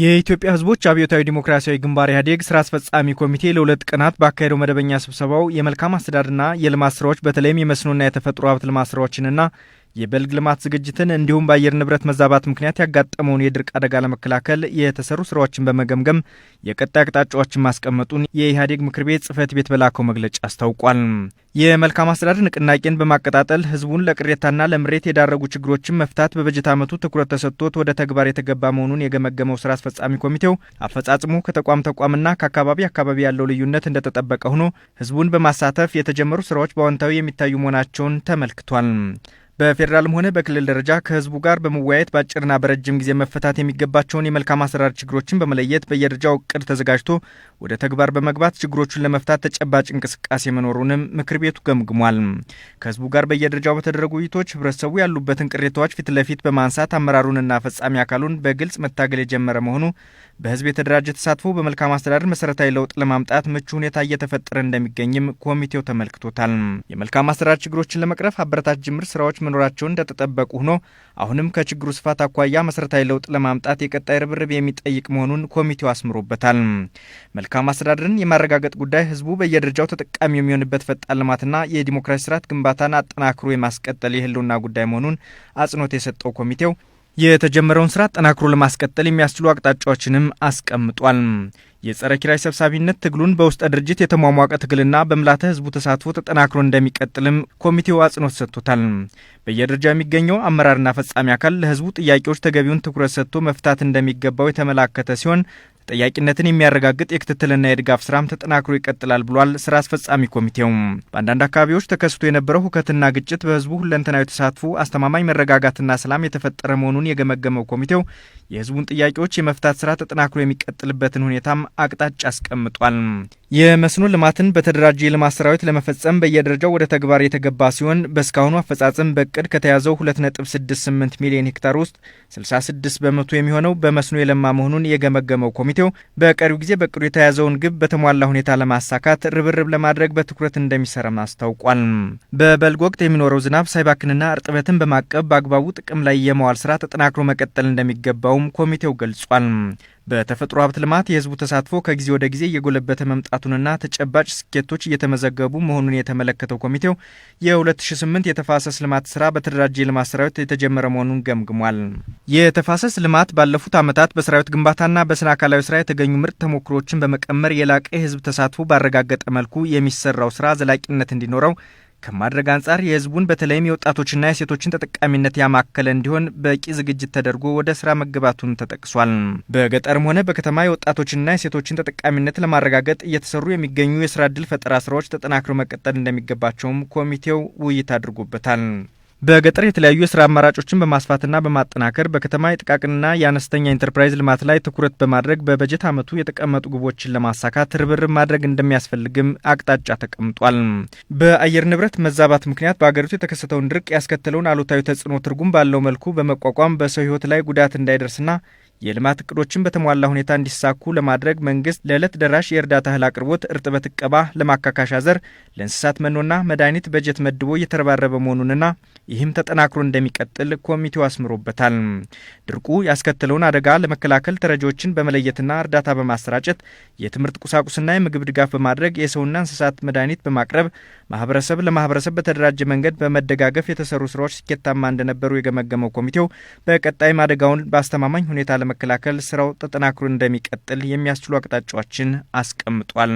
የኢትዮጵያ ሕዝቦች አብዮታዊ ዲሞክራሲያዊ ግንባር ኢህአዴግ ስራ አስፈጻሚ ኮሚቴ ለሁለት ቀናት ባካሄደው መደበኛ ስብሰባው የመልካም አስተዳደርና የልማት ስራዎች በተለይም የመስኖና የተፈጥሮ ሀብት ልማት ስራዎችንና የበልግ ልማት ዝግጅትን እንዲሁም በአየር ንብረት መዛባት ምክንያት ያጋጠመውን የድርቅ አደጋ ለመከላከል የተሰሩ ስራዎችን በመገምገም የቀጣይ አቅጣጫዎችን ማስቀመጡን የኢህአዴግ ምክር ቤት ጽህፈት ቤት በላከው መግለጫ አስታውቋል። የመልካም አስተዳደር ንቅናቄን በማቀጣጠል ህዝቡን ለቅሬታና ለምሬት የዳረጉ ችግሮችን መፍታት በበጀት ዓመቱ ትኩረት ተሰጥቶት ወደ ተግባር የተገባ መሆኑን የገመገመው ስራ አስፈጻሚ ኮሚቴው አፈጻጽሙ ከተቋም ተቋምና ከአካባቢ አካባቢ ያለው ልዩነት እንደተጠበቀ ሆኖ ህዝቡን በማሳተፍ የተጀመሩ ስራዎች በአዎንታዊ የሚታዩ መሆናቸውን ተመልክቷል። በፌዴራልም ሆነ በክልል ደረጃ ከህዝቡ ጋር በመወያየት በአጭርና በረጅም ጊዜ መፈታት የሚገባቸውን የመልካም አሰራር ችግሮችን በመለየት በየደረጃው እቅድ ተዘጋጅቶ ወደ ተግባር በመግባት ችግሮቹን ለመፍታት ተጨባጭ እንቅስቃሴ መኖሩንም ምክር ቤቱ ገምግሟል። ከህዝቡ ጋር በየደረጃው በተደረጉ ውይይቶች ህብረተሰቡ ያሉበትን ቅሬታዎች ፊት ለፊት በማንሳት አመራሩንና ፈጻሚ አካሉን በግልጽ መታገል የጀመረ መሆኑ በህዝብ የተደራጀ ተሳትፎ በመልካም አስተዳደር መሰረታዊ ለውጥ ለማምጣት ምቹ ሁኔታ እየተፈጠረ እንደሚገኝም ኮሚቴው ተመልክቶታል። የመልካም አስተዳደር ችግሮችን ለመቅረፍ አበረታች ጅምር ስራዎች መኖራቸው እንደተጠበቁ ሆኖ አሁንም ከችግሩ ስፋት አኳያ መሰረታዊ ለውጥ ለማምጣት የቀጣይ ርብርብ የሚጠይቅ መሆኑን ኮሚቴው አስምሮበታል። መልካም አስተዳደርን የማረጋገጥ ጉዳይ ህዝቡ በየደረጃው ተጠቃሚ የሚሆንበት ፈጣን ልማትና የዲሞክራሲ ስርዓት ግንባታን አጠናክሮ የማስቀጠል የህልውና ጉዳይ መሆኑን አጽንኦት የሰጠው ኮሚቴው የተጀመረውን ስራ ጠናክሮ ለማስቀጠል የሚያስችሉ አቅጣጫዎችንም አስቀምጧል። የጸረ ኪራይ ሰብሳቢነት ትግሉን በውስጠ ድርጅት የተሟሟቀ ትግልና በምላተ ህዝቡ ተሳትፎ ተጠናክሮ እንደሚቀጥልም ኮሚቴው አጽንኦት ሰጥቶታል። በየደረጃ የሚገኘው አመራርና ፈጻሚ አካል ለህዝቡ ጥያቄዎች ተገቢውን ትኩረት ሰጥቶ መፍታት እንደሚገባው የተመላከተ ሲሆን ጠያቂነትን የሚያረጋግጥ የክትትልና የድጋፍ ስራም ተጠናክሮ ይቀጥላል ብሏል ስራ አስፈጻሚ ኮሚቴው በአንዳንድ አካባቢዎች ተከስቶ የነበረው ሁከትና ግጭት በህዝቡ ሁለንተናዊ ተሳትፎ አስተማማኝ መረጋጋትና ሰላም የተፈጠረ መሆኑን የገመገመው ኮሚቴው የህዝቡን ጥያቄዎች የመፍታት ስራ ተጠናክሮ የሚቀጥልበትን ሁኔታም አቅጣጫ አስቀምጧል። የመስኖ ልማትን በተደራጀ የልማት ሰራዊት ለመፈጸም በየደረጃው ወደ ተግባር የተገባ ሲሆን በእስካሁኑ አፈጻጸም በእቅድ ከተያዘው 2.68 ሚሊዮን ሄክታር ውስጥ 66 በመቶ የሚሆነው በመስኖ የለማ መሆኑን የገመገመው ኮሚቴው በቀሪው ጊዜ በእቅዱ የተያዘውን ግብ በተሟላ ሁኔታ ለማሳካት ርብርብ ለማድረግ በትኩረት እንደሚሰራም አስታውቋል። በበልግ ወቅት የሚኖረው ዝናብ ሳይባክንና እርጥበትን በማቀብ በአግባቡ ጥቅም ላይ የመዋል ስራ ተጠናክሮ መቀጠል እንደሚገባው እንዳለውም ኮሚቴው ገልጿል። በተፈጥሮ ሀብት ልማት የህዝቡ ተሳትፎ ከጊዜ ወደ ጊዜ እየጎለበተ መምጣቱንና ተጨባጭ ስኬቶች እየተመዘገቡ መሆኑን የተመለከተው ኮሚቴው የ2008 የተፋሰስ ልማት ስራ በተደራጀ የልማት ሰራዊት የተጀመረ መሆኑን ገምግሟል። የተፋሰስ ልማት ባለፉት ዓመታት በሰራዊት ግንባታና በስነ አካላዊ ስራ የተገኙ ምርጥ ተሞክሮዎችን በመቀመር የላቀ የህዝብ ተሳትፎ ባረጋገጠ መልኩ የሚሰራው ስራ ዘላቂነት እንዲኖረው ከማድረግ አንጻር የህዝቡን በተለይም የወጣቶችና የሴቶችን ተጠቃሚነት ያማከለ እንዲሆን በቂ ዝግጅት ተደርጎ ወደ ስራ መገባቱን ተጠቅሷል። በገጠርም ሆነ በከተማ የወጣቶችና የሴቶችን ተጠቃሚነት ለማረጋገጥ እየተሰሩ የሚገኙ የስራ እድል ፈጠራ ስራዎች ተጠናክሮ መቀጠል እንደሚገባቸውም ኮሚቴው ውይይት አድርጎበታል። በገጠር የተለያዩ የስራ አማራጮችን በማስፋትና በማጠናከር በከተማ የጥቃቅንና የአነስተኛ ኢንተርፕራይዝ ልማት ላይ ትኩረት በማድረግ በበጀት ዓመቱ የተቀመጡ ግቦችን ለማሳካት ርብርብ ማድረግ እንደሚያስፈልግም አቅጣጫ ተቀምጧል። በአየር ንብረት መዛባት ምክንያት በአገሪቱ የተከሰተውን ድርቅ ያስከተለውን አሉታዊ ተጽዕኖ ትርጉም ባለው መልኩ በመቋቋም በሰው ሕይወት ላይ ጉዳት እንዳይደርስና የልማት እቅዶችን በተሟላ ሁኔታ እንዲሳኩ ለማድረግ መንግስት ለዕለት ደራሽ የእርዳታ እህል አቅርቦት፣ እርጥበት እቀባ፣ ለማካካሻ ዘር፣ ለእንስሳት መኖና መድኃኒት በጀት መድቦ እየተረባረበ መሆኑንና ይህም ተጠናክሮ እንደሚቀጥል ኮሚቴው አስምሮበታል። ድርቁ ያስከተለውን አደጋ ለመከላከል ተረጂዎችን በመለየትና እርዳታ በማሰራጨት የትምህርት ቁሳቁስና የምግብ ድጋፍ በማድረግ የሰውና እንስሳት መድኃኒት በማቅረብ ማህበረሰብ ለማህበረሰብ በተደራጀ መንገድ በመደጋገፍ የተሰሩ ስራዎች ስኬታማ እንደነበሩ የገመገመው ኮሚቴው በቀጣይም አደጋውን በአስተማማኝ ሁኔታ ለመ መከላከል ስራው ተጠናክሮ እንደሚቀጥል የሚያስችሉ አቅጣጫዎችን አስቀምጧል።